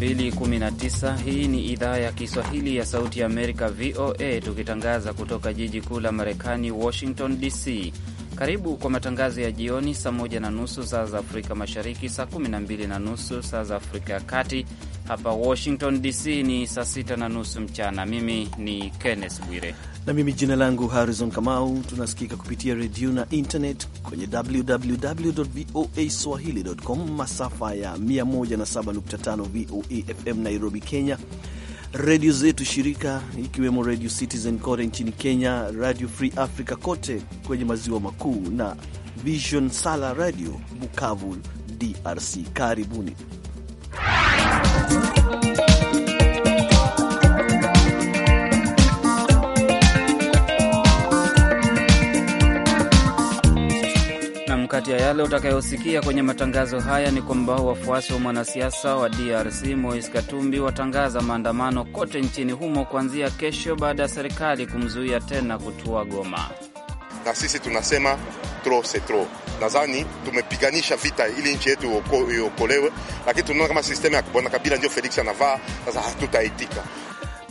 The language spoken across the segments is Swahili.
219. Hii ni idhaa ya Kiswahili ya Sauti ya Amerika, VOA, tukitangaza kutoka jiji kuu la Marekani, Washington DC. Karibu kwa matangazo ya jioni, saa moja na nusu saa za Afrika Mashariki, saa kumi na mbili na nusu saa za Afrika ya Kati. Hapa Washington DC ni saa sita na nusu mchana. Mimi ni Kenneth Bwire na mimi jina langu Harrison Kamau. Tunasikika kupitia redio na internet kwenye www voa swahili.com, masafa ya 107.5 VOA FM Nairobi, Kenya, redio zetu shirika ikiwemo Radio Citizen kote nchini Kenya, Radio Free Africa kote kwenye maziwa makuu na Vision Sala Radio Bukavu, DRC. Karibuni Kati ya yale utakayosikia kwenye matangazo haya ni kwamba wafuasi wa mwanasiasa wa DRC Moise Katumbi watangaza maandamano kote nchini humo kuanzia kesho baada ya serikali kumzuia tena kutua Goma. Na sisi tunasema tro se tro. Nadhani tumepiganisha vita ili nchi yetu iokolewe, lakini tunaona kama sistemu ya bwana Kabila ndio Felix anavaa sasa, hatutaitika.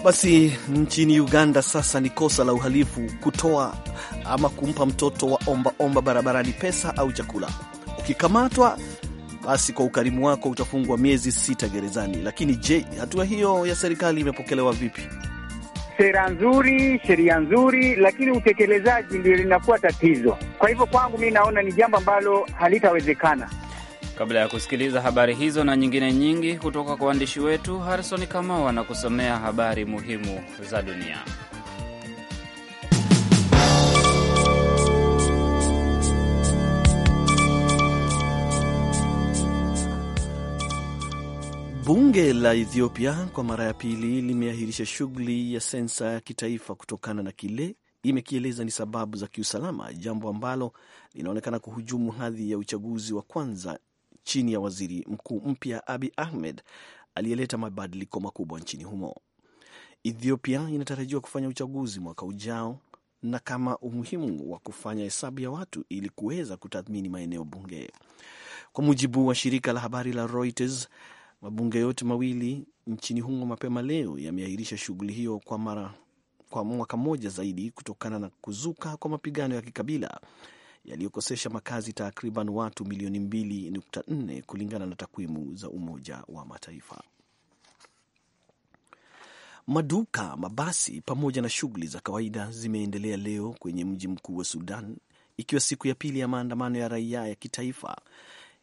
Basi nchini Uganda sasa ni kosa la uhalifu kutoa ama kumpa mtoto wa omba omba barabarani pesa au chakula. Ukikamatwa basi kwa ukarimu wako utafungwa miezi sita gerezani. Lakini je, hatua hiyo ya serikali imepokelewa vipi? Sera nzuri, sheria nzuri, lakini utekelezaji ndio linakuwa tatizo. Kwa hivyo kwangu mi naona ni jambo ambalo halitawezekana. Kabla ya kusikiliza habari hizo na nyingine nyingi kutoka kwa waandishi wetu, Harrison Kamau anakusomea habari muhimu za dunia. Bunge la Ethiopia kwa mara ya pili limeahirisha shughuli ya sensa ya kitaifa kutokana na kile imekieleza ni sababu za kiusalama, jambo ambalo linaonekana kuhujumu hadhi ya uchaguzi wa kwanza chini ya waziri mkuu mpya Abi Ahmed aliyeleta mabadiliko makubwa nchini humo. Ethiopia inatarajiwa kufanya uchaguzi mwaka ujao na kama umuhimu wa kufanya hesabu ya watu ili kuweza kutathmini maeneo bunge. Kwa mujibu wa shirika la habari la Reuters, mabunge yote mawili nchini humo mapema leo yameahirisha shughuli hiyo kwa mara kwa mwaka mmoja zaidi kutokana na kuzuka kwa mapigano ya kikabila yaliyokosesha makazi takriban watu milioni 2.4 kulingana na takwimu za Umoja wa Mataifa. Maduka, mabasi pamoja na shughuli za kawaida zimeendelea leo kwenye mji mkuu wa Sudan, ikiwa siku ya pili ya maandamano ya raia ya kitaifa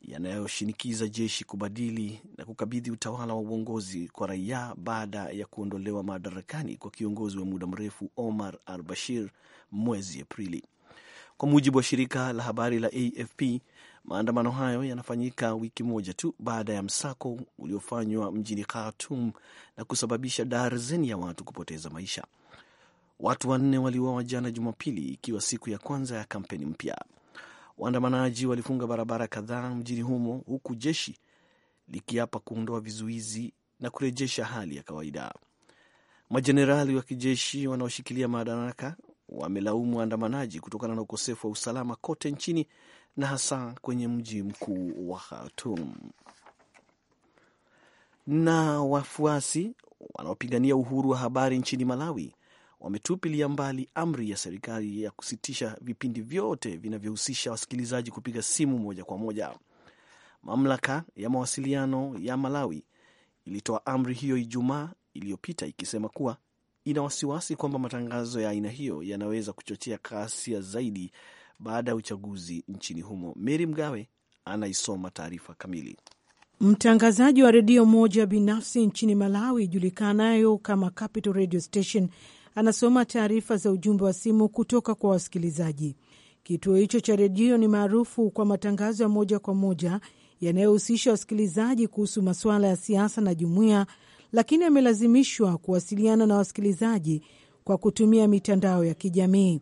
yanayoshinikiza jeshi kubadili na kukabidhi utawala wa uongozi kwa raia baada ya kuondolewa madarakani kwa kiongozi wa muda mrefu Omar al-Bashir mwezi Aprili. Kwa mujibu wa shirika la habari la AFP, maandamano hayo yanafanyika wiki moja tu baada ya msako uliofanywa mjini Khartoum na kusababisha darzeni ya watu kupoteza maisha. Watu wanne waliuawa jana Jumapili, ikiwa siku ya kwanza ya kampeni mpya. Waandamanaji walifunga barabara kadhaa mjini humo, huku jeshi likiapa kuondoa vizuizi na kurejesha hali ya kawaida. Majenerali wa kijeshi wanaoshikilia madaraka wamelaumu waandamanaji kutokana na ukosefu wa usalama kote nchini na hasa kwenye mji mkuu wa Khartoum. Na wafuasi wanaopigania uhuru wa habari nchini Malawi wametupilia mbali amri ya serikali ya kusitisha vipindi vyote vinavyohusisha wasikilizaji kupiga simu moja kwa moja. Mamlaka ya mawasiliano ya Malawi ilitoa amri hiyo Ijumaa iliyopita ikisema kuwa ina wasiwasi kwamba matangazo ya aina hiyo yanaweza kuchochea ghasia zaidi baada ya uchaguzi nchini humo. Meri Mgawe anaisoma taarifa kamili. Mtangazaji wa redio moja binafsi nchini Malawi ijulikanayo kama Capital Radio Station anasoma taarifa za ujumbe wa simu kutoka kwa wasikilizaji. Kituo hicho cha redio ni maarufu kwa matangazo ya moja kwa moja yanayohusisha wasikilizaji kuhusu masuala ya siasa na jumuiya lakini amelazimishwa kuwasiliana na wasikilizaji kwa kutumia mitandao ya kijamii.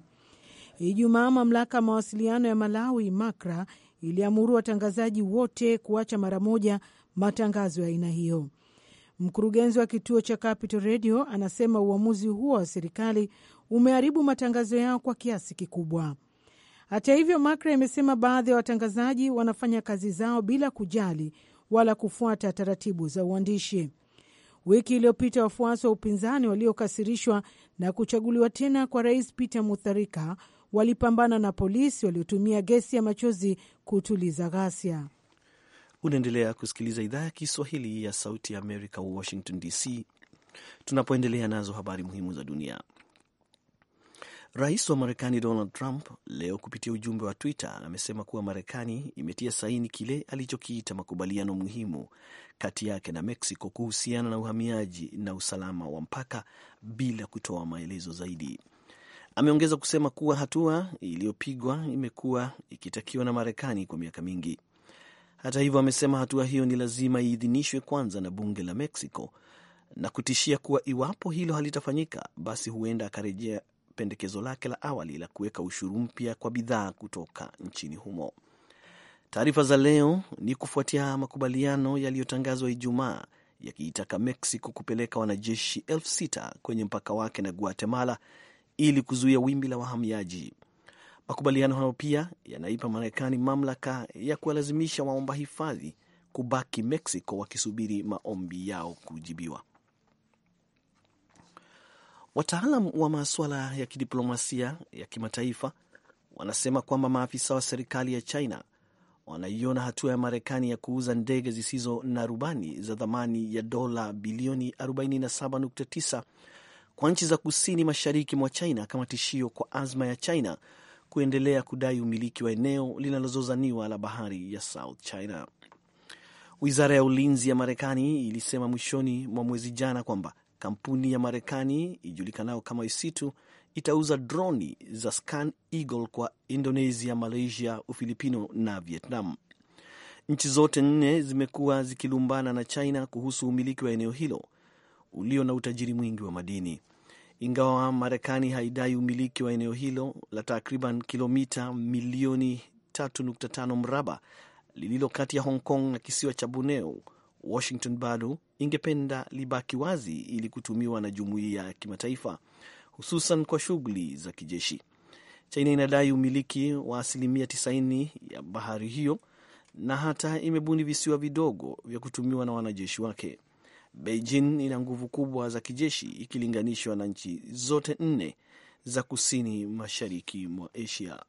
Ijumaa, mamlaka ya mawasiliano ya Malawi makra iliamuru watangazaji wote kuacha mara moja matangazo ya aina hiyo. Mkurugenzi wa kituo cha Capital Radio anasema uamuzi huo wa serikali umeharibu matangazo yao kwa kiasi kikubwa. Hata hivyo, makra imesema baadhi ya watangazaji wanafanya kazi zao bila kujali wala kufuata taratibu za uandishi. Wiki iliyopita wafuasi wa upinzani waliokasirishwa na kuchaguliwa tena kwa rais Peter Mutharika walipambana na polisi waliotumia gesi ya machozi kutuliza ghasia. Unaendelea kusikiliza idhaa ya Kiswahili ya Sauti ya Amerika, Washington DC, tunapoendelea nazo habari muhimu za dunia. Rais wa Marekani Donald Trump leo kupitia ujumbe wa Twitter amesema kuwa Marekani imetia saini kile alichokiita makubaliano muhimu kati yake na Mexico kuhusiana na uhamiaji na usalama wa mpaka bila kutoa maelezo zaidi. Ameongeza kusema kuwa hatua iliyopigwa imekuwa ikitakiwa na Marekani kwa miaka mingi. Hata hivyo, amesema hatua hiyo ni lazima iidhinishwe kwanza na bunge la Mexico na kutishia kuwa iwapo hilo halitafanyika basi huenda akarejea pendekezo lake la awali la kuweka ushuru mpya kwa bidhaa kutoka nchini humo. Taarifa za leo ni kufuatia makubaliano yaliyotangazwa Ijumaa yakiitaka Mexico kupeleka wanajeshi elfu sita kwenye mpaka wake na Guatemala ili kuzuia wimbi la wahamiaji. Makubaliano hayo pia yanaipa Marekani mamlaka ya kuwalazimisha waomba hifadhi kubaki Mexico wakisubiri maombi yao kujibiwa. Wataalam wa masuala ya kidiplomasia ya kimataifa wanasema kwamba maafisa wa serikali ya China wanaiona hatua ya Marekani ya kuuza ndege zisizo na rubani za thamani ya dola bilioni 47.9 kwa nchi za kusini mashariki mwa China kama tishio kwa azma ya China kuendelea kudai umiliki wa eneo linalozozaniwa la bahari ya South China. Wizara ya ulinzi ya Marekani ilisema mwishoni mwa mwezi jana kwamba kampuni ya Marekani ijulikanayo kama Isitu itauza droni za Scan Eagle kwa Indonesia, Malaysia, Ufilipino na Vietnam. Nchi zote nne zimekuwa zikilumbana na China kuhusu umiliki wa eneo hilo ulio na utajiri mwingi wa madini. Ingawa Marekani haidai umiliki wa eneo hilo la takriban kilomita milioni 3.5 mraba lililo kati ya Hong Kong na kisiwa cha Borneo, Washington bado ingependa libaki wazi ili kutumiwa na jumuiya ya kimataifa, hususan kwa shughuli za kijeshi. China inadai umiliki wa asilimia 90 ya bahari hiyo na hata imebuni visiwa vidogo vya kutumiwa na wanajeshi wake. Beijing ina nguvu kubwa za kijeshi ikilinganishwa na nchi zote nne za kusini mashariki mwa Asia.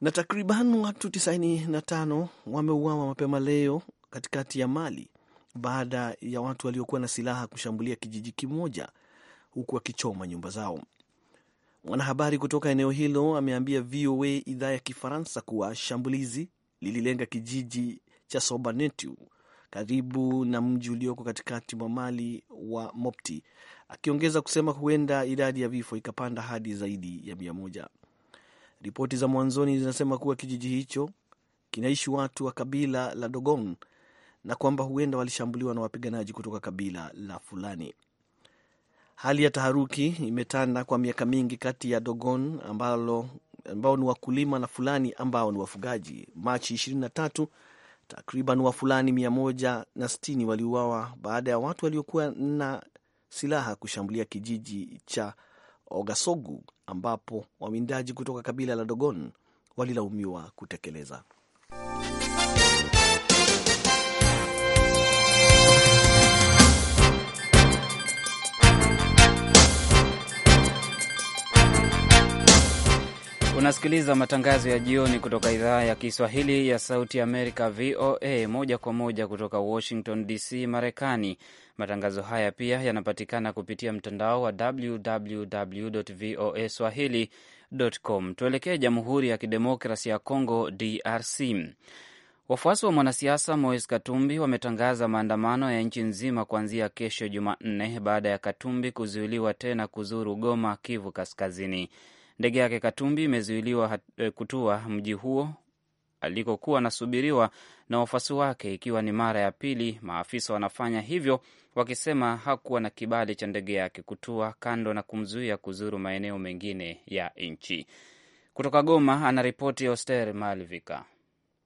Na takriban watu 95 wameuawa mapema leo katikati ya Mali baada ya watu waliokuwa na silaha kushambulia kijiji kimoja huku wakichoma nyumba zao. Mwanahabari kutoka eneo hilo ameambia VOA idhaa ya Kifaransa kuwa shambulizi lililenga kijiji cha Sobanetu karibu na mji ulioko katikati mwa Mali wa Mopti, akiongeza kusema huenda idadi ya vifo ikapanda hadi zaidi ya mia moja. Ripoti za mwanzoni zinasema kuwa kijiji hicho kinaishi watu wa kabila la Dogon na kwamba huenda walishambuliwa na wapiganaji kutoka kabila la Fulani. Hali ya taharuki imetanda kwa miaka mingi kati ya Dogon ambalo, ambao ni wakulima na Fulani ambao ni wafugaji. Machi 23 takriban Wafulani 160 waliuawa baada ya watu waliokuwa na silaha kushambulia kijiji cha Ogasogu ambapo wawindaji kutoka kabila la Dogon walilaumiwa kutekeleza Unasikiliza matangazo ya jioni kutoka idhaa ya Kiswahili ya Sauti Amerika, VOA, moja kwa moja kutoka Washington DC, Marekani. Matangazo haya pia yanapatikana kupitia mtandao wa www voa swahili.com. Tuelekee Jamhuri ya Kidemokrasi ya Congo, DRC. Wafuasi wa mwanasiasa mois Katumbi wametangaza maandamano ya nchi nzima kuanzia kesho Jumanne, baada ya Katumbi kuzuiliwa tena kuzuru Goma, Kivu Kaskazini. Ndege yake Katumbi imezuiliwa eh, kutua mji huo alikokuwa anasubiriwa na wafuasi wake, ikiwa ni mara ya pili maafisa wanafanya hivyo, wakisema hakuwa na kibali cha ndege yake kutua, kando na kumzuia kuzuru maeneo mengine ya nchi. Kutoka Goma anaripoti Oster malvika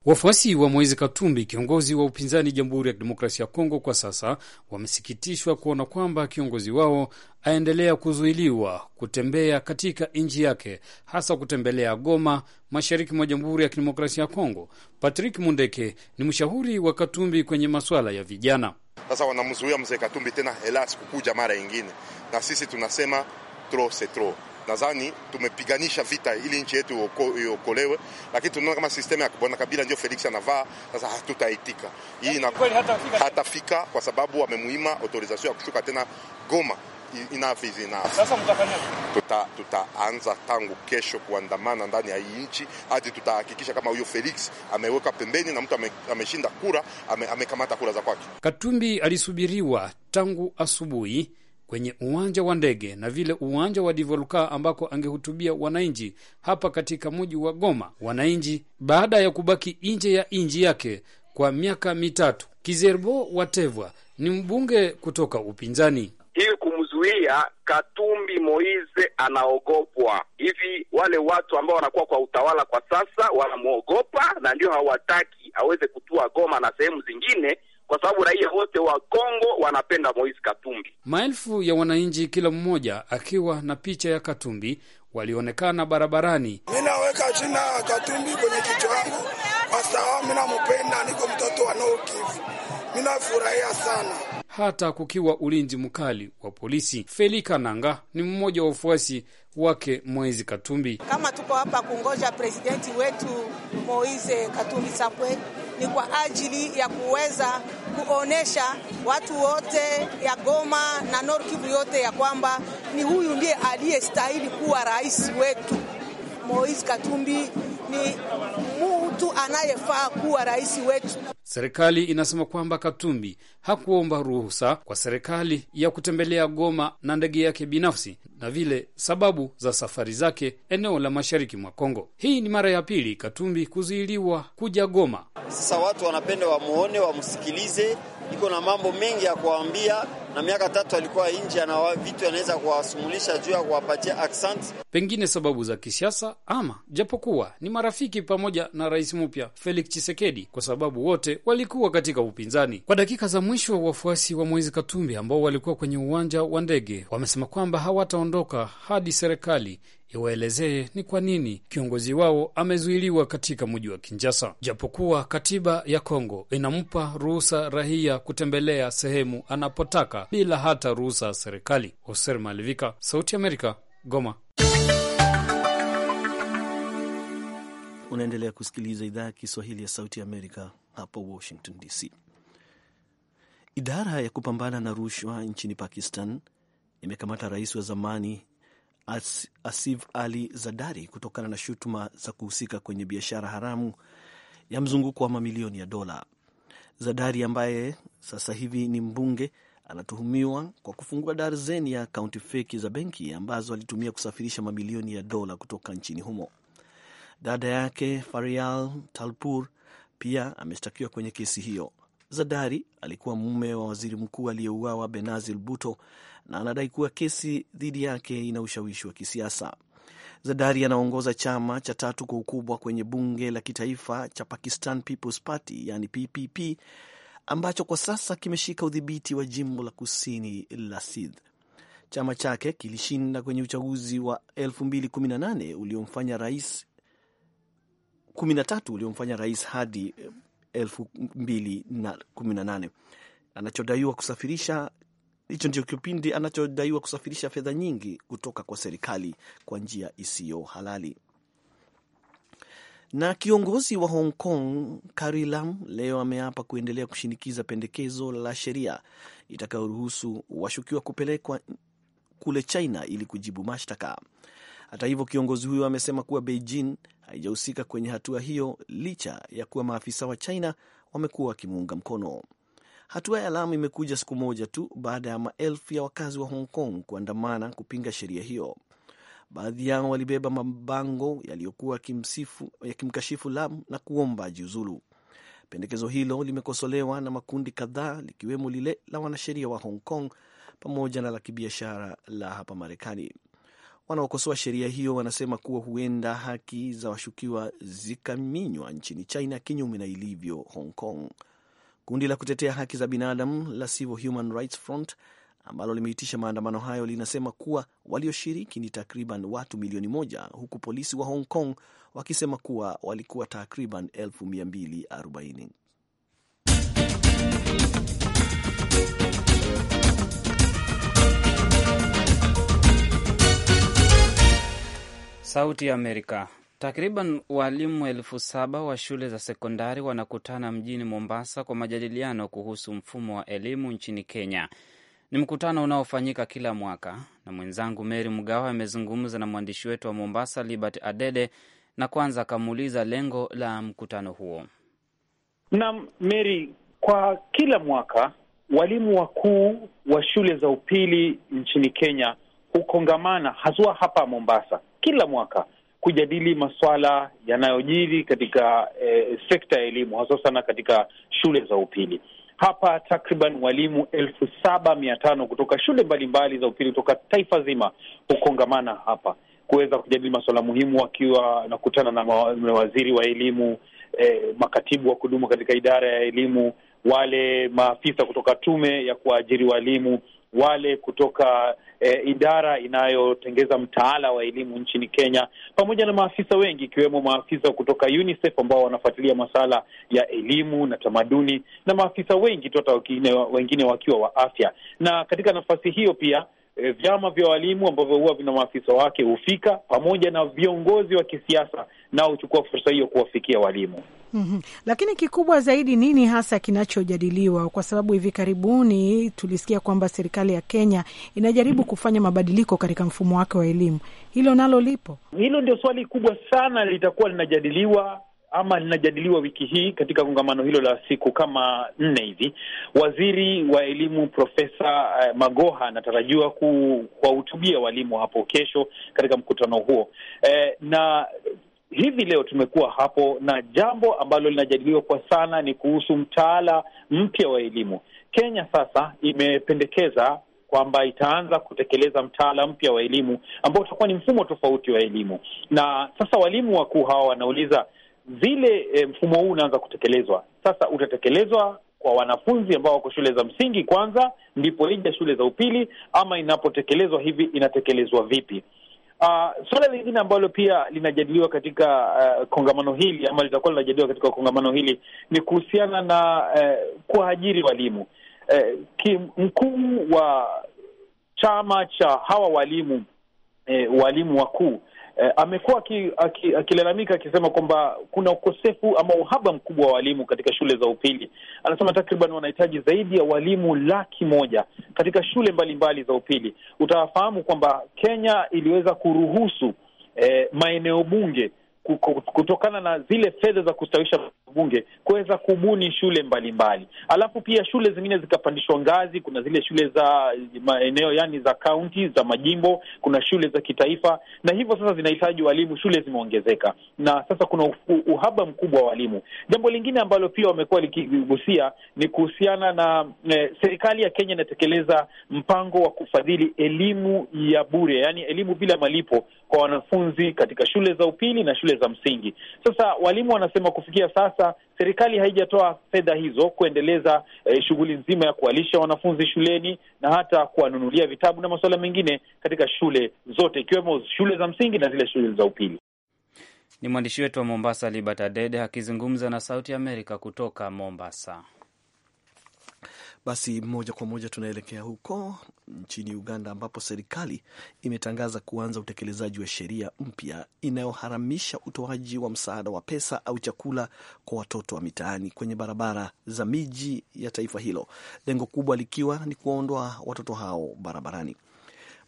Wafuasi wa Moise Katumbi, kiongozi wa upinzani Jamhuri ya Kidemokrasia ya Kongo, kwa sasa wamesikitishwa kuona kwamba kiongozi wao aendelea kuzuiliwa kutembea katika nchi yake, hasa kutembelea Goma, mashariki mwa Jamhuri ya Kidemokrasia ya Kongo. Patrick Mundeke ni mshauri wa Katumbi kwenye masuala ya vijana. Sasa wanamzuia mzee Katumbi tena, helas kukuja mara yingine, na sisi tunasema tro se tro nadhani tumepiganisha vita ili nchi yetu iokolewe, lakini tunaona kama sistemu ya bwana Kabila ndio Felix anavaa sasa, hatutaitika hii na hatafika, kwa sababu wamemuima autorization ya kushuka tena Goma. Enough is enough. Sasa Tuta, tangu kesho kuandamana ndani ya hii nchi hadi tutahakikisha kama huyo Felix ameweka pembeni na mtu ame, ameshinda kura ame, amekamata kura za kwake. Katumbi alisubiriwa tangu asubuhi kwenye uwanja wa ndege na vile uwanja wa Divoluka ambako angehutubia wananchi hapa katika mji wa Goma. Wananchi baada ya kubaki nje ya nchi yake kwa miaka mitatu. Kizerbo Watevwa ni mbunge kutoka upinzani hiyo kumzuia Katumbi Moize anaogopwa hivi. Wale watu ambao wanakuwa kwa utawala kwa sasa wanamwogopa, na ndio hawataki aweze kutua Goma na sehemu zingine, kwa sababu raia wote wa Kongo wanapenda Moise Katumbi. Maelfu ya wananchi, kila mmoja akiwa na picha ya Katumbi, walionekana barabarani. Minaweka jina ya Katumbi kwenye kichwa yangu kwa sababu minamupenda, niko mtoto wa Nord Kivu, minafurahia sana hata kukiwa ulinzi mkali wa polisi. Felika Nanga ni mmoja wa wafuasi wake Moise Katumbi. Kama tuko hapa kungoja presidenti wetu Moise Katumbi sapwe ni kwa ajili ya kuweza kuonesha watu wote ya Goma na Nord Kivu yote ya kwamba ni huyu ndiye aliyestahili kuwa rais wetu Moise Katumbi ni mtu anayefaa kuwa rais wetu. Serikali inasema kwamba Katumbi hakuomba ruhusa kwa serikali ya kutembelea Goma na ndege yake binafsi na vile sababu za safari zake eneo la mashariki mwa Kongo. Hii ni mara ya pili Katumbi kuzuiliwa kuja Goma. Sasa watu wanapenda wamwone, wamsikilize iko na mambo mengi ya kuwaambia, na miaka tatu alikuwa nje, ana vitu anaweza kuwasumulisha juu ya kuwapatia accent, pengine sababu za kisiasa ama japokuwa ni marafiki pamoja na rais mpya Felix Chisekedi, kwa sababu wote walikuwa katika upinzani. Kwa dakika za mwisho, wafuasi wa Moise Katumbi ambao walikuwa kwenye uwanja wa ndege wamesema kwamba hawataondoka hadi serikali iwaelezee ni kwa nini kiongozi wao amezuiliwa katika mji wa Kinjasa, japokuwa katiba ya Kongo inampa ruhusa raia kutembelea sehemu anapotaka bila hata ruhusa ya serikali. Hoser Malivika, Sauti Amerika, Goma. Unaendelea kusikiliza idhaa ya Kiswahili ya Sauti ya Amerika hapo Washington DC. Idara ya kupambana na rushwa nchini Pakistan imekamata rais wa zamani Asif Ali Zadari kutokana na shutuma za kuhusika kwenye biashara haramu ya mzunguko wa mamilioni ya dola. zadari ambaye sasa hivi ni mbunge anatuhumiwa kwa kufungua darzeni ya akaunti feki za benki ambazo alitumia kusafirisha mamilioni ya dola kutoka nchini humo. Dada yake Farial Talpur pia ameshtakiwa kwenye kesi hiyo. zadari alikuwa mume wa waziri mkuu aliyeuawa Benazir Bhutto na anadai kuwa kesi dhidi yake ina ushawishi wa kisiasa. Zardari anaongoza chama cha tatu kwa ukubwa kwenye bunge la kitaifa cha Pakistan People's Party, yani PPP, ambacho kwa sasa kimeshika udhibiti wa jimbo la kusini la Sindh. Chama chake kilishinda kwenye uchaguzi wa 2018 uliomfanya rais 13 uliomfanya rais hadi 2018. Anachodaiwa kusafirisha Hicho ndio kipindi anachodaiwa kusafirisha fedha nyingi kutoka kwa serikali kwa njia isiyo halali. Na kiongozi wa Hong Kong Carrie Lam leo ameapa kuendelea kushinikiza pendekezo la sheria itakayoruhusu washukiwa kupelekwa kule China ili kujibu mashtaka. Hata hivyo, kiongozi huyo amesema kuwa Beijing haijahusika kwenye hatua hiyo licha ya kuwa maafisa wa China wamekuwa wakimuunga mkono. Hatua ya lamu imekuja siku moja tu baada ya maelfu ya wakazi wa Hong Kong kuandamana kupinga sheria hiyo. Baadhi yao walibeba mabango yaliyokuwa yakimkashifu Lam na kuomba ajiuzulu. Pendekezo hilo limekosolewa na makundi kadhaa likiwemo lile la wanasheria wa Hong Kong pamoja na la kibiashara la hapa Marekani. Wanaokosoa sheria hiyo wanasema kuwa huenda haki za washukiwa zikaminywa nchini China kinyume na ilivyo Hong Kong. Kundi la kutetea haki za binadamu la Civil Human Rights Front ambalo limeitisha maandamano hayo linasema kuwa walioshiriki ni takriban watu milioni moja huku polisi wa Hong Kong wakisema kuwa walikuwa takriban 240,000. Sauti ya Amerika. Takriban waalimu elfu saba wa shule za sekondari wanakutana mjini Mombasa kwa majadiliano kuhusu mfumo wa elimu nchini Kenya. Ni mkutano unaofanyika kila mwaka, na mwenzangu Meri Mgawa amezungumza na mwandishi wetu wa Mombasa, Libert Adede, na kwanza akamuuliza lengo la mkutano huo. Naam, Meri, kwa kila mwaka walimu wakuu wa shule za upili nchini Kenya hukongamana haswa hapa Mombasa kila mwaka kujadili masuala yanayojiri katika eh, sekta ya elimu hasa sana katika shule za upili. Hapa takriban walimu elfu saba mia tano kutoka shule mbalimbali za upili kutoka taifa zima hukongamana hapa kuweza kujadili masuala muhimu, wakiwa nakutana na mawaziri wa elimu eh, makatibu wa kudumu katika idara ya elimu, wale maafisa kutoka tume ya kuajiri walimu wale kutoka eh, idara inayotengeza mtaala wa elimu nchini Kenya, pamoja na maafisa wengi ikiwemo maafisa kutoka UNICEF ambao wanafuatilia masuala ya elimu na tamaduni na maafisa wengi tota wengine wakiwa wa afya. Na katika nafasi hiyo pia e, vyama vya walimu ambavyo huwa vina maafisa wake hufika pamoja na viongozi wa kisiasa nao huchukua fursa hiyo kuwafikia walimu. Mm-hmm. Lakini kikubwa zaidi nini hasa kinachojadiliwa? Kwa sababu hivi karibuni tulisikia kwamba serikali ya Kenya inajaribu kufanya mabadiliko katika mfumo wake wa elimu. Hilo nalo lipo. Hilo ndio swali kubwa sana litakuwa linajadiliwa ama linajadiliwa wiki hii katika kongamano hilo la siku kama nne hivi. Waziri wa elimu Profesa eh, Magoha anatarajiwa kuwahutubia walimu hapo kesho katika mkutano huo e, na hivi leo tumekuwa hapo na jambo ambalo linajadiliwa kwa sana ni kuhusu mtaala mpya wa elimu. Kenya sasa imependekeza kwamba itaanza kutekeleza mtaala mpya wa elimu ambao utakuwa ni mfumo tofauti wa elimu, na sasa walimu wakuu hawa wanauliza vile e, mfumo huu unaanza kutekelezwa sasa. Utatekelezwa kwa wanafunzi ambao wako shule za msingi kwanza, ndipo ija shule za upili, ama inapotekelezwa hivi inatekelezwa vipi? Uh, suala lingine ambalo pia linajadiliwa katika uh, kongamano hili ama litakuwa linajadiliwa katika kongamano hili ni kuhusiana na uh, eh, kuajiri walimu uh, mkuu wa chama cha hawa walimu uh, walimu wakuu eh, amekuwa akilalamika aki, akisema kwamba kuna ukosefu ama uhaba mkubwa wa walimu katika shule za upili. Anasema takriban wanahitaji zaidi ya walimu laki moja katika shule mbalimbali mbali za upili. Utafahamu kwamba Kenya iliweza kuruhusu eh, maeneo bunge kutokana na zile fedha za kustawisha bunge kuweza kubuni shule mbalimbali mbali. Alafu pia shule zingine zikapandishwa ngazi. Kuna zile shule za maeneo yani za kaunti za majimbo, kuna shule za kitaifa, na hivyo sasa zinahitaji walimu. Shule zimeongezeka na sasa kuna uhaba mkubwa wa walimu. Jambo lingine ambalo pia wamekuwa likigusia ni kuhusiana na eh, serikali ya Kenya inatekeleza mpango wa kufadhili elimu ya bure, yani elimu bila malipo kwa wanafunzi katika shule za upili na shule za msingi. Sasa walimu wanasema kufikia sasa serikali haijatoa fedha hizo kuendeleza eh, shughuli nzima ya kuwalisha wanafunzi shuleni na hata kuwanunulia vitabu na masuala mengine katika shule zote ikiwemo shule za msingi na zile shule za upili. Ni mwandishi wetu wa Mombasa, Libert Adede akizungumza na Sauti ya Amerika kutoka Mombasa. Basi moja kwa moja tunaelekea huko nchini Uganda, ambapo serikali imetangaza kuanza utekelezaji wa sheria mpya inayoharamisha utoaji wa msaada wa pesa au chakula kwa watoto wa mitaani kwenye barabara za miji ya taifa hilo, lengo kubwa likiwa ni kuwaondoa watoto hao barabarani.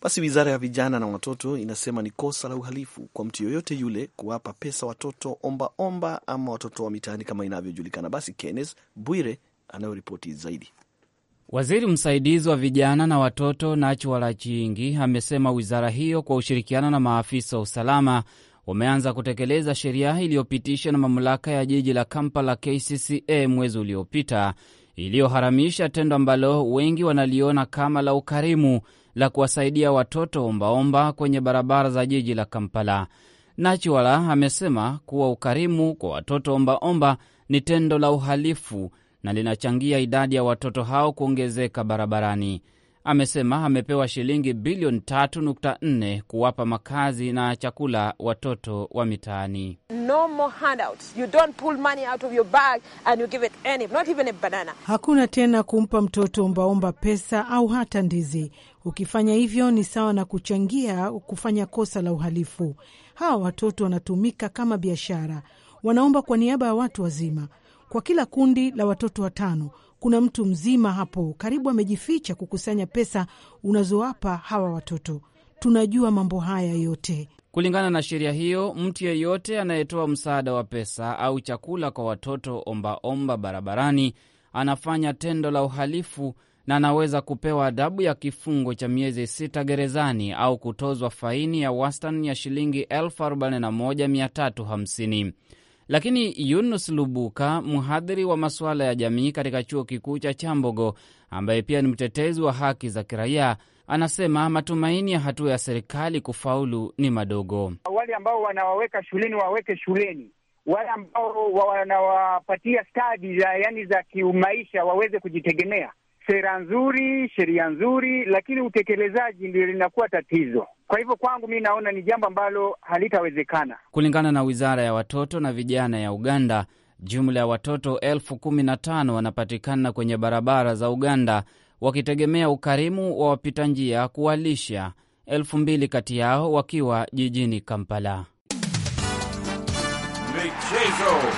Basi wizara ya vijana na watoto inasema ni kosa la uhalifu kwa mtu yoyote yule kuwapa pesa watoto ombaomba omba ama watoto wa mitaani kama inavyojulikana. Basi Kenneth Bwire anayoripoti zaidi. Waziri msaidizi wa vijana na watoto Nachi Chiingi amesema wizara hiyo kwa ushirikiano na maafisa wa usalama wameanza kutekeleza sheria iliyopitishwa na mamlaka ya jiji la Kampala KCCA mwezi uliopita iliyoharamisha tendo ambalo wengi wanaliona kama la ukarimu la kuwasaidia watoto ombaomba kwenye barabara za jiji la Kampala. Nachiwala amesema kuwa ukarimu kwa watoto ombaomba ni tendo la uhalifu na linachangia idadi ya watoto hao kuongezeka barabarani. Amesema amepewa shilingi bilioni 3.4 kuwapa makazi na chakula watoto wa mitaani. Hakuna tena kumpa mtoto ombaomba pesa au hata ndizi. Ukifanya hivyo ni sawa na kuchangia kufanya kosa la uhalifu. Hawa watoto wanatumika kama biashara, wanaomba kwa niaba ya watu wazima. Kwa kila kundi la watoto watano kuna mtu mzima hapo karibu amejificha kukusanya pesa unazowapa hawa watoto. Tunajua mambo haya yote. Kulingana na sheria hiyo, mtu yeyote anayetoa msaada wa pesa au chakula kwa watoto ombaomba barabarani anafanya tendo la uhalifu na anaweza kupewa adabu ya kifungo cha miezi sita gerezani au kutozwa faini ya wastani ya shilingi elfu lakini Yunus Lubuka, mhadhiri wa masuala ya jamii katika chuo kikuu cha Chambogo, ambaye pia ni mtetezi wa haki za kiraia, anasema matumaini ya hatua ya serikali kufaulu ni madogo. Wale ambao wanawaweka shuleni waweke shuleni, wale ambao wanawapatia stadi za yani za kiumaisha waweze kujitegemea sera nzuri, sheria nzuri, lakini utekelezaji ndio linakuwa tatizo. Kwa hivyo kwangu mi naona ni jambo ambalo halitawezekana. Kulingana na Wizara ya Watoto na Vijana ya Uganda, jumla ya watoto elfu kumi na tano wanapatikana kwenye barabara za Uganda wakitegemea ukarimu wa wapita njia kuwalisha, elfu mbili kati yao wakiwa jijini Kampala. Michezo.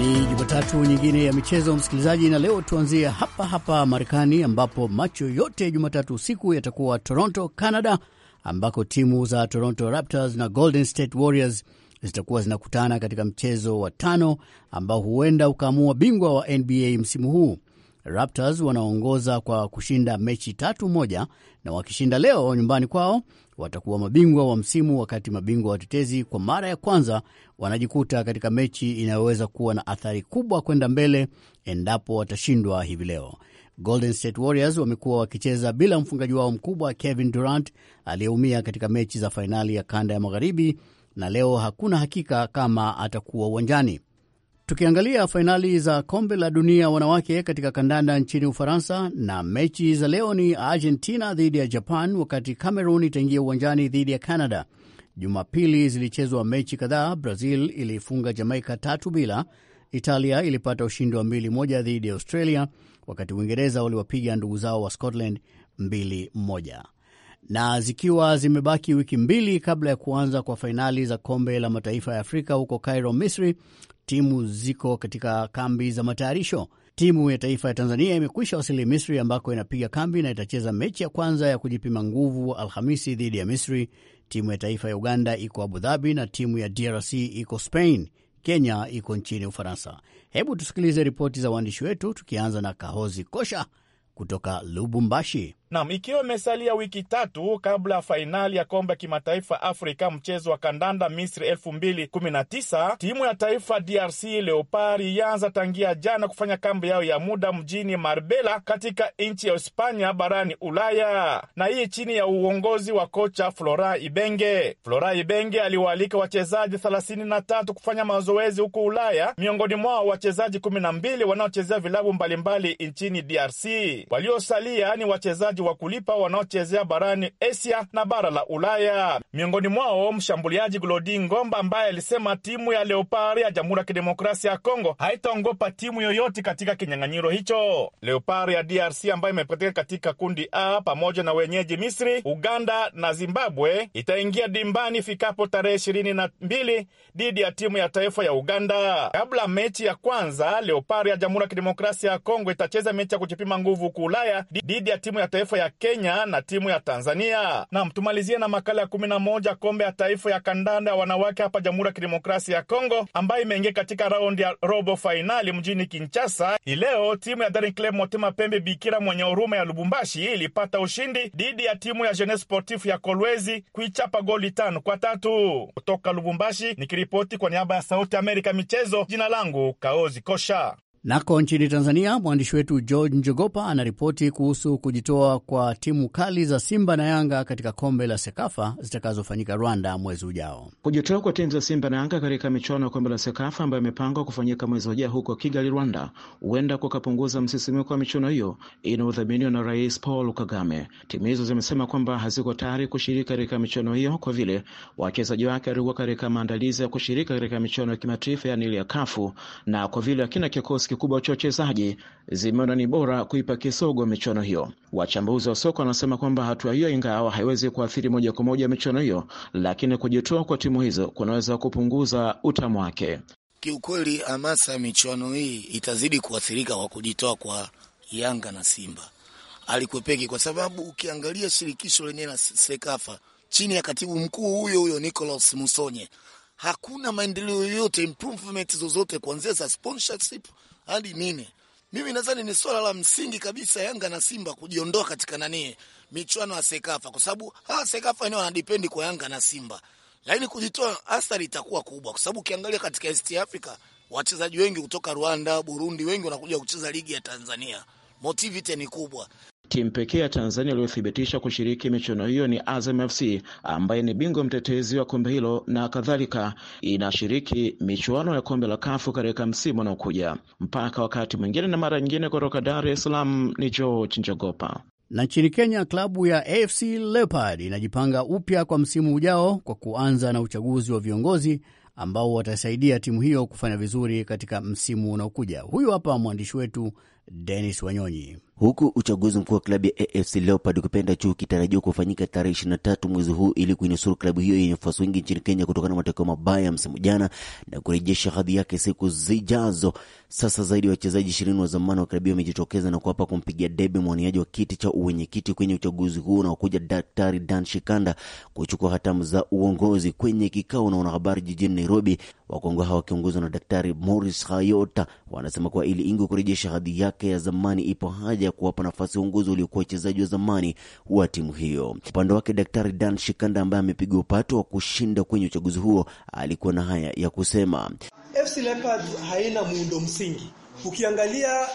Ni Jumatatu nyingine ya michezo, msikilizaji, na leo tuanzie hapa hapa Marekani, ambapo macho yote Jumatatu usiku yatakuwa Toronto, Canada, ambako timu za Toronto Raptors na Golden State Warriors zitakuwa zinakutana katika mchezo wa tano ambao huenda ukaamua bingwa wa NBA msimu huu. Raptors wanaongoza kwa kushinda mechi tatu moja, na wakishinda leo nyumbani kwao watakuwa mabingwa wa msimu, wakati mabingwa watetezi kwa mara ya kwanza wanajikuta katika mechi inayoweza kuwa na athari kubwa kwenda mbele endapo watashindwa hivi leo. Golden State Warriors wamekuwa wakicheza bila mfungaji wao mkubwa Kevin Durant aliyeumia katika mechi za fainali ya kanda ya magharibi, na leo hakuna hakika kama atakuwa uwanjani. Tukiangalia fainali za kombe la dunia wanawake katika kandanda nchini Ufaransa, na mechi za leo ni Argentina dhidi ya Japan, wakati Cameroon itaingia uwanjani dhidi ya Canada. Jumapili zilichezwa mechi kadhaa. Brazil iliifunga Jamaika tatu bila. Italia ilipata ushindi wa mbili moja dhidi ya Australia, wakati Uingereza waliwapiga ndugu zao wa Scotland mbili moja na zikiwa zimebaki wiki mbili kabla ya kuanza kwa fainali za kombe la mataifa ya Afrika huko Cairo, Misri, timu ziko katika kambi za matayarisho. Timu ya taifa ya Tanzania imekwisha wasili Misri ambako inapiga kambi na itacheza mechi ya kwanza ya kujipima nguvu Alhamisi dhidi ya Misri. Timu ya taifa ya Uganda iko Abu Dhabi na timu ya DRC iko Spain. Kenya iko nchini Ufaransa. Hebu tusikilize ripoti za waandishi wetu, tukianza na Kahozi Kosha kutoka Lubumbashi. Nam, ikiwa imesalia wiki tatu kabla ya fainali ya kombe ya kimataifa Afrika mchezo wa kandanda Misri 2019 timu ya taifa DRC Leopard ianza tangia jana kufanya kambi yao ya muda mjini Marbella katika nchi ya Hispania barani Ulaya, na hii chini ya uongozi wa kocha Flora Ibenge. flora Ibenge aliwaalika wachezaji 33 kufanya mazoezi huko Ulaya, miongoni mwao wachezaji 12 wanaochezea vilabu mbalimbali nchini DRC. Waliosalia ni wachezaji wachezaji wa kulipa wanaochezea barani Asia na bara la Ulaya, miongoni mwao mshambuliaji Glodi Ngomba ambaye alisema timu ya Leopard ya Jamhuri ya Kidemokrasia ya Kongo haitaongopa timu yoyote katika kinyang'anyiro hicho. Leopard ya DRC ambayo imepatika katika kundi A pamoja na wenyeji Misri, Uganda na Zimbabwe itaingia dimbani ifikapo tarehe ishirini na mbili dhidi ya timu ya taifa ya Uganda. Kabla mechi ya kwanza, Leopard ya Jamhuri ya Kidemokrasia ya Kongo itacheza mechi ya kujipima nguvu huku Ulaya dhidi ya timu ya taifa taifa ya Kenya na timu ya Tanzania. Nam, tumalizie na makala ya kumi na moja kombe ya taifa ya kandanda ya wanawake hapa Jamhuri ya Kidemokrasia ya Kongo ambayo imeingia katika raundi ya robo fainali mjini Kinshasa. Hii leo timu ya Daring Club Motema Pembe Bikira mwenye huruma ya Lubumbashi ilipata ushindi dhidi ya timu ya Jeunesse Sportif ya Kolwezi kuichapa goli tano kwa tatu. Kutoka Lubumbashi nikiripoti kwa niaba ya Sauti Amerika michezo, jina langu Kaozi Kosha. Nako nchini Tanzania, mwandishi wetu George Njogopa anaripoti kuhusu kujitoa kwa timu kali za Simba na Yanga katika kombe la SEKAFA zitakazofanyika Rwanda mwezi ujao. Kujitoa kwa timu za Simba na Yanga katika michuano ya kombe la SEKAFA ambayo imepangwa kufanyika mwezi ujao huko Kigali, Rwanda, huenda kukapunguza msisimiko wa michuano hiyo inayodhaminiwa na Rais Paul Kagame. Timu hizo zimesema kwamba haziko tayari kushiriki katika michuano hiyo kwa vile wachezaji wake walikuwa katika maandalizi ya kushiriki katika michuano ya kimataifa, yaani ile ya KAFU, na kwa vile akina kikosi kikubwa cha wachezaji zimeona ni bora kuipa kisogo michuano hiyo. Wachambuzi wa soka wanasema kwamba hatua hiyo, ingawa haiwezi kuathiri moja kwa moja michuano hiyo, lakini kujitoa kwa timu hizo kunaweza kupunguza utamu wake. Kiukweli, hamasa ya michuano hii itazidi kuathirika kwa kujitoa kwa Yanga na Simba alikwepeki, kwa sababu ukiangalia shirikisho lenyewe la Sekafa chini ya katibu mkuu huyo huyo Nicolas Musonye hakuna maendeleo yoyote improvement zozote kuanzia za sponsorship hadi nini? Mimi nadhani ni swala la msingi kabisa Yanga na Simba kujiondoa katika nani michuano ya Sekafa, kwa sababu hawa Sekafa ni wanadipendi kwa Yanga na Simba, lakini kujitoa athari itakuwa kubwa, kwa sababu ukiangalia katika East Africa wachezaji wengi kutoka Rwanda, Burundi, wengi wanakuja kucheza ligi ya Tanzania motivite ni kubwa. Timu pekee ya Tanzania iliyothibitisha kushiriki michuano hiyo ni Azam FC ambaye ni bingwa mtetezi wa kombe hilo na kadhalika inashiriki michuano ya kombe la Kafu katika msimu unaokuja. Mpaka wakati mwingine na mara nyingine, kutoka Dar es Salaam ni George Njogopa. Na nchini Kenya, klabu ya AFC Leopard inajipanga upya kwa msimu ujao kwa kuanza na uchaguzi wa viongozi ambao watasaidia timu hiyo kufanya vizuri katika msimu unaokuja. Huyu hapa mwandishi wetu Dennis Wanyonyi. Huku uchaguzi mkuu wa klabu ya AFC Leopard kupenda juu ukitarajiwa kufanyika tarehe 23 mwezi huu ili kuinusuru klabu hiyo yenye wafuasi wengi nchini Kenya kutokana na matokeo mabaya ya msimu jana na kurejesha hadhi yake siku zijazo. Sasa zaidi ya wachezaji ishirini wa zamani wa klabu hiyo wamejitokeza na kuapa kumpigia debe mwaniaji wa kiti cha uwenyekiti kwenye uchaguzi huu unaokuja, Daktari Dan Shikanda kuchukua hatamu za uongozi. Kwenye kikao na wanahabari jijini Nairobi, wakongwe hao wakiongozwa na Daktari Morris Hayota wanasema kuwa ili Ingo kurejesha hadhi yake yake ya zamani, ipo haja ya kuwapa nafasi uongozi uliokuwa wachezaji wa zamani wa timu hiyo. Upande wake, Daktari Dan Shikanda ambaye amepigwa upato wa kushinda kwenye uchaguzi huo alikuwa na haya ya kusema: FC Leopard haina muundo msingi. Ukiangalia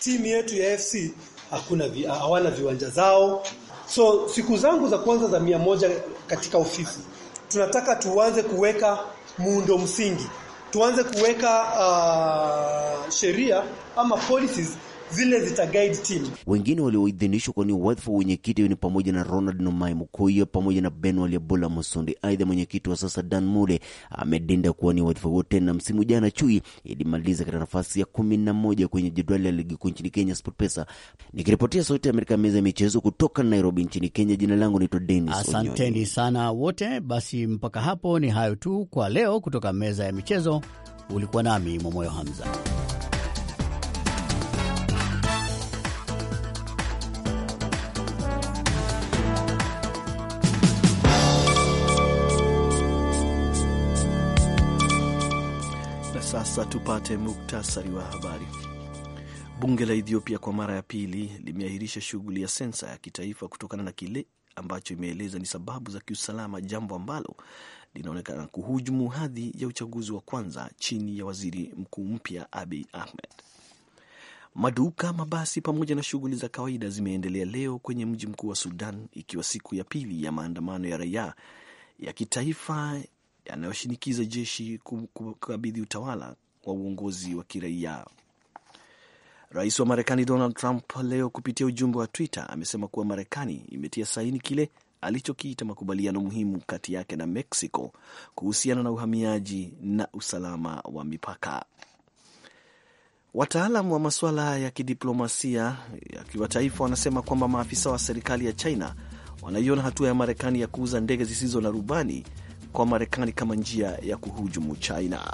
timu yetu ya FC hakuna vi, hawana viwanja zao. So siku zangu za kwanza za mia moja katika ofisi, tunataka tuanze kuweka muundo msingi, tuanze kuweka uh, sheria ama policies zile zita guide team. Wengine walioidhinishwa kwa wadhifa wa wenyekiti ni pamoja na Ronald Nomai Mukuyo pamoja na Ben Waliabola Musundi. Aidha, mwenyekiti wa sasa Dan Mule amedinda kuwa ni wadhifa wote, na msimu jana chui ilimaliza katika nafasi ya kumi na moja kwenye jedwali la ligi kuu nchini Kenya, SportPesa. Nikiripotia Sauti ya Amerika, meza ya michezo kutoka Nairobi nchini Kenya, jina langu naitwa Denis. Asanteni sana wote. Basi mpaka hapo ni hayo tu kwa leo kutoka meza ya michezo. Ulikuwa nami Momoyo Hamza. Sasa tupate muktasari wa habari. Bunge la Ethiopia kwa mara ya pili limeahirisha shughuli ya sensa ya kitaifa kutokana na kile ambacho imeeleza ni sababu za kiusalama, jambo ambalo linaonekana kuhujumu hadhi ya uchaguzi wa kwanza chini ya waziri mkuu mpya Abi Ahmed. Maduka, mabasi pamoja na shughuli za kawaida zimeendelea leo kwenye mji mkuu wa Sudan, ikiwa siku ya pili ya maandamano ya raia ya kitaifa yanayoshinikiza jeshi kukabidhi utawala wa uongozi wa kiraia. Rais wa Marekani Donald Trump leo kupitia ujumbe wa Twitter amesema kuwa Marekani imetia saini kile alichokiita makubaliano muhimu kati yake na Mexico kuhusiana na uhamiaji na usalama wa mipaka. Wataalam wa masuala ya kidiplomasia ya kimataifa wanasema kwamba maafisa wa serikali ya China wanaiona hatua ya Marekani ya kuuza ndege zisizo na rubani kwa Marekani kama njia ya kuhujumu China.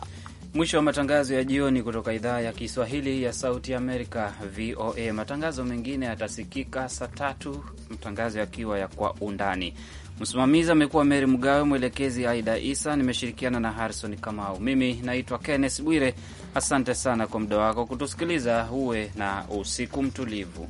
Mwisho wa matangazo ya jioni kutoka idhaa ya Kiswahili ya Sauti Amerika, VOA. Matangazo mengine yatasikika saa tatu, matangazo yakiwa ya Kwa Undani. Msimamizi amekuwa Meri Mgawe, mwelekezi Aida Isa, nimeshirikiana na Harrison Kamau. Mimi naitwa kennes Bwire. Asante sana kwa muda wako kutusikiliza. Uwe na usiku mtulivu.